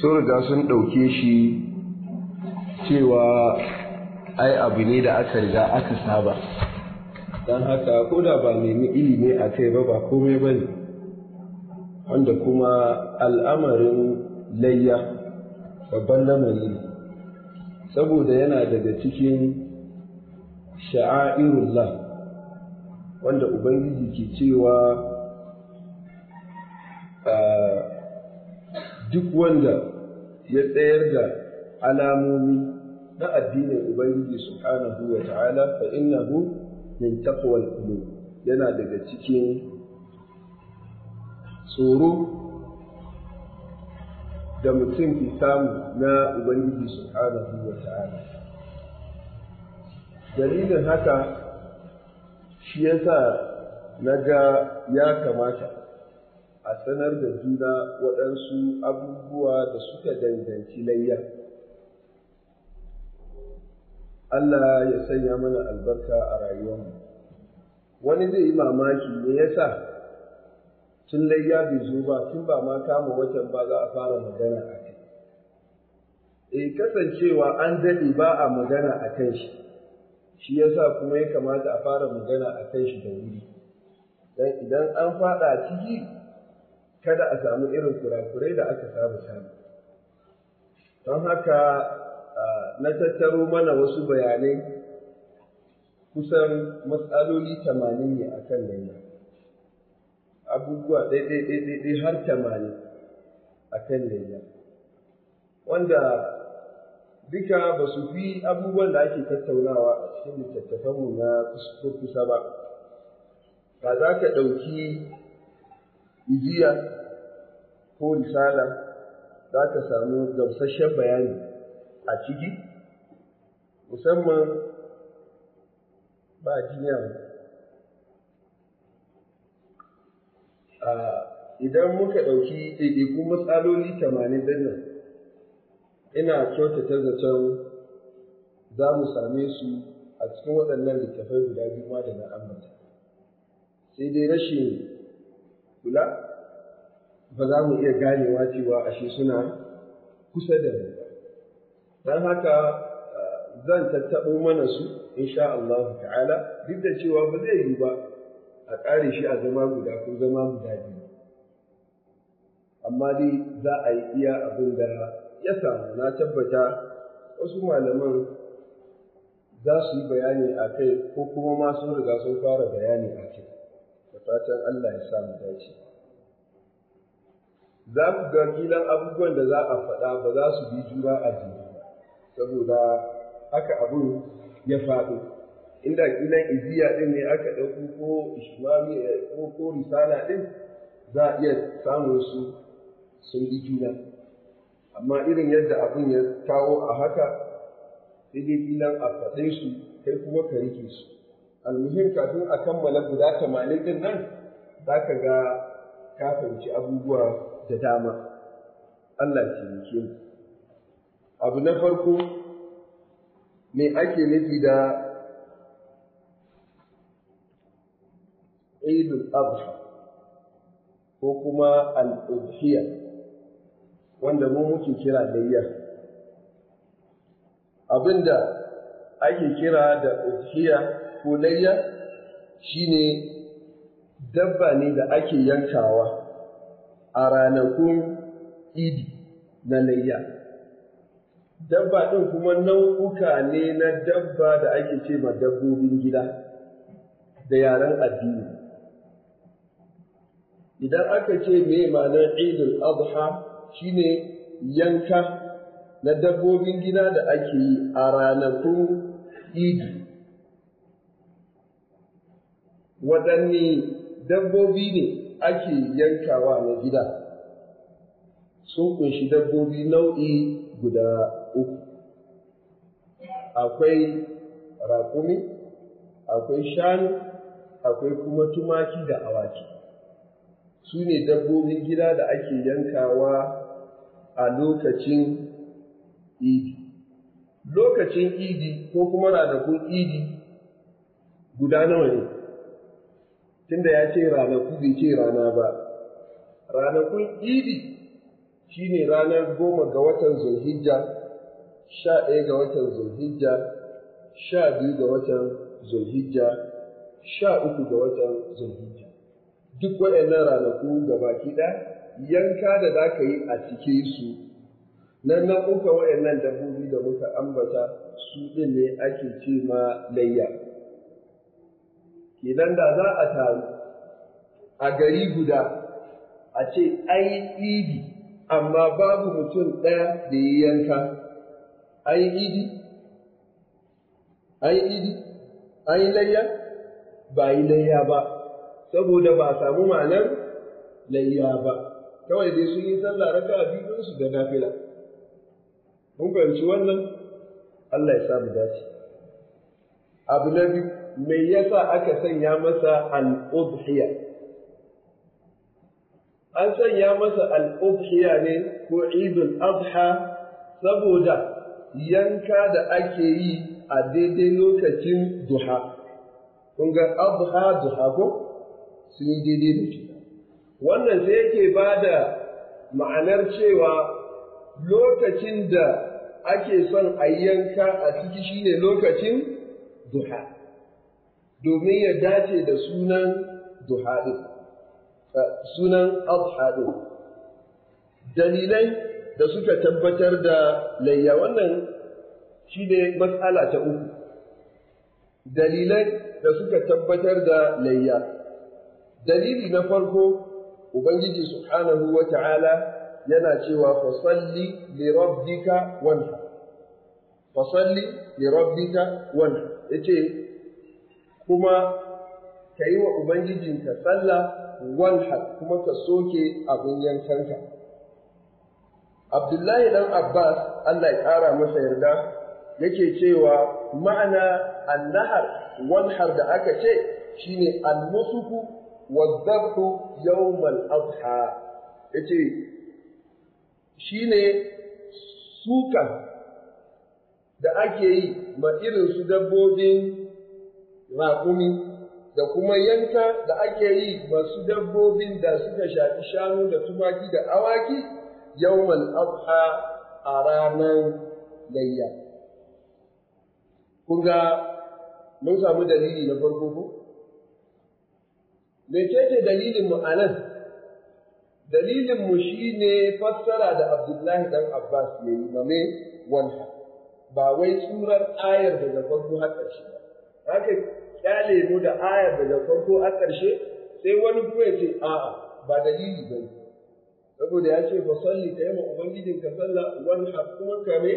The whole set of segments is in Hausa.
sun riga sun ɗauke shi cewa ai abu ne da aka riga aka saba Dan haka ko da ba nemi ilimi a kai ba ba komai ba wanda kuma al'amarin layya babban lamari saboda yana daga cikin sha'a'irullah wanda ubangiji ke cewa ah, duk wanda ya tsayar da alamomi na addinin Ubangiji kana wa ta'ala fa innahu min taqwal qulub yana daga cikin tsoro da mutum ke samu na Ubangiji kana wa ta'ala dalilin haka shi yasa na ga ya kamata a sanar da juna waɗansu abubuwa da suka danganci layya. Allah ya sanya mana albarka a rayuwarmu. Wani zai yi mamaki me ya sa tun layya bai zo ba tun ba ma kama watan ba za a fara magana a kai. E kasancewa an daɗe ba a magana a kan shi, shi ya sa kuma ya kamata a fara magana a kan shi da wuri. Dan idan an faɗa ciki kada a samu irin kurakurai da aka saba samu don haka na tattaro mana wasu bayanai kusan matsaloli tamanin ne kan laila abubuwa ɗaiɗaiɗaiɗaiɗai har tamanin kan laila wanda duka ba su fi abubuwan da ake tattaunawa a cikin littattafanmu na kusa ba ba za ka ɗauki jiya ko risala za ka samu gamsasshen bayani a ciki musamman ba jiya ah, idan muka ɗauki ɗaiɗaikun matsaloli tamanin ɗin nan ina kyautata zaton za mu same su a cikin waɗannan littafai guda biyu ma da na ambata sai dai rashin kula ba za mu iya ganewa cewa ashe suna kusa da mu ba don haka eh, zan tattaɓo mana su insha Allah ta'ala duk da cewa ba zai yi ba a ƙare shi a zama guda ko zama guda biyu amma dai za a yi iya abin da ya samu na tabbata wasu malaman za su yi bayani a kai ko kuma masu sun riga sun fara bayani a kai fatan Allah ya samu dace za ku ga kilan abubuwan da za a faɗa ba za su bi jura a juna saboda haka abin ya faɗo inda kilan iziya ɗin ne aka ɗauko ko ishmami eh, ko ko risala ɗin za a iya samun su sun bi juna amma irin yadda abin ya kawo a haka sai dai kilan a faɗe su kai kuma ka rike su almuhim kafin a kammala guda tamanin din nan za ka ga ka fahimci abubuwa da dama Allah ya taimake abu na farko me ake nufi da idul adha ko kuma al wanda mu muke kira layya abinda ake kira da udhiya kulayya shi ne dabba ne da ake yankawa a ranakun idi na layya. Dabba ɗin kuma nau'uka ne na dabba da ake ce ma dabbobin gida da yaren addini. Idan aka ce me ma'anar idul adha shine yanka na dabbobin gida da ake yi a ranakun idi waɗanne dabbobi ne ake yankawa na gida sun ƙunshi dabbobi nau'i guda uku akwai raƙumi akwai shanu akwai kuma tumaki da awaki su ne dabbobin gida da ake yankawa a lokacin idi lokacin idi ko kuma ranakun idi guda nawa ne tunda ya ce ranaku bai ce rana ba ranakun idi shine ranar goma ga watan zulhijja sha ɗaya ga watan zulhijja sha biyu ga watan zulhijja sha uku ga watan zulhijja duk waɗannan ranaku ga baki ɗaya yanka da za ka yi a cike su nan na uka waɗannan dabbobi da muka ambata su ɗin ne ake ce ma layya kenan da za a taru a gari guda a ce ai idi amma babu mutum ɗaya da ya yanka ai idi ai idi ai layya ba yi layya ba saboda ba a samu ma'anar layya ba kawai dai sun yi sallah raka biyu su da nafila mun fahimci wannan Allah ya samu dace abu na biyu me yasa aka sanya masa al an sanya masa al ne ko idul adha saboda yanka da ake yi a daidai lokacin duha kun ga adha duha ko sun yi daidai da wannan sai yake ba da ma'anar cewa lokacin da ake son a yanka a ciki shine lokacin duha domin ya dace da sunan duhaɗin, eh, sunan abhaɗin. Dalilai da suka tabbatar da layya wannan shi ne matsala ta uku. Dalilai da suka tabbatar da layya. Dalili na farko, Ubangiji Subhanahu wa ta'ala yana cewa fasalli li rabbika wanha fasalli li rabbika wanha ce. kuma ka yi wa Ubangijinka sallah walhal kuma ka soke abin yankanka. Abdullahi ɗan Abbas, Allah ya ƙara masa yarda, yake cewa ma'ana annahar walhar da aka ce shi shine almusuku wa zabhu yawmal adha shi ne sukan da ake yi ma irin su dabbobin raƙumi da kuma yanka da ake yi masu dabbobin da suka shafi shanu da tumaki da awaki yawmal adha a ranar layya kun ga mun samu dalili na farko ko Me ce dalilin mu a nan dalilin mu ne fassara da Abdullahi dan Abbas yi game wannan ba wai tsurar ayar daga farko har ƙarshe ba kyale mu da ayar daga farko a ƙarshe sai wani kuma ya ce a'a ba dalili ba saboda ya ce fa salli ka yi ma ubangijin ka sallah wani kuma ka me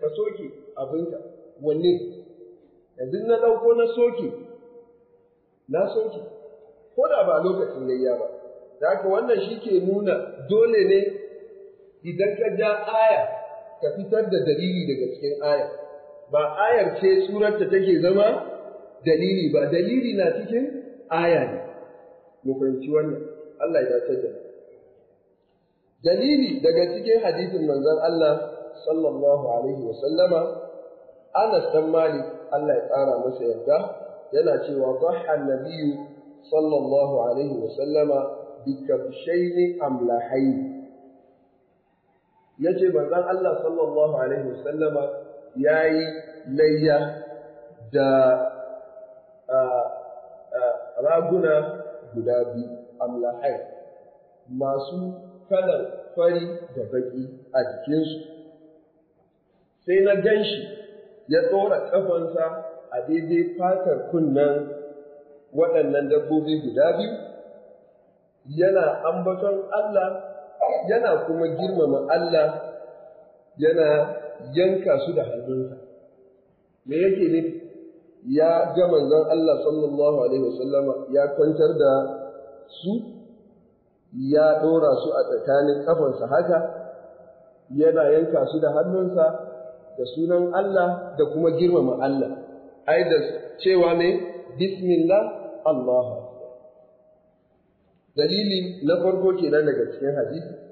ka soke abinka wanne yanzu na ɗauko na soke na soke ko da ba lokacin gayya ba da haka wannan shi ke nuna dole ne idan ka ja aya ka fitar da dalili daga cikin aya ba ayar ce surarta take zama dalili ba dalili na cikin aya ne mu fahimci wannan Allah ya ce da dalili daga cikin hadisin manzon Allah sallallahu alaihi wa sallama Anas dan Malik Allah ya tsara masa yarda yana cewa dhahha an-nabiyyu sallallahu alaihi wa sallama bi kabshayni amlahayn ya manzon Allah sallallahu Alaihi wasallama ya yi layya da raguna guda biyu amlahai masu kalar fari da baƙi a jikinsu sai na gan shi ya tsora ƙafansa a daidai fatar kunnen waɗannan dabbobi guda biyu yana ambaton Allah yana kuma girmama Allah yana yanka su da hannunsa me yake nufi ya ga manzon Allah sallallahu alaihi wasallama ya kwantar da su ya ɗora su a tsakanin ƙafansa haka yana yanka su da hannunsa da sunan Allah da kuma girmama Allah ai da cewa ne bismillah Allahu." dalili na farko kenan daga cikin hadisi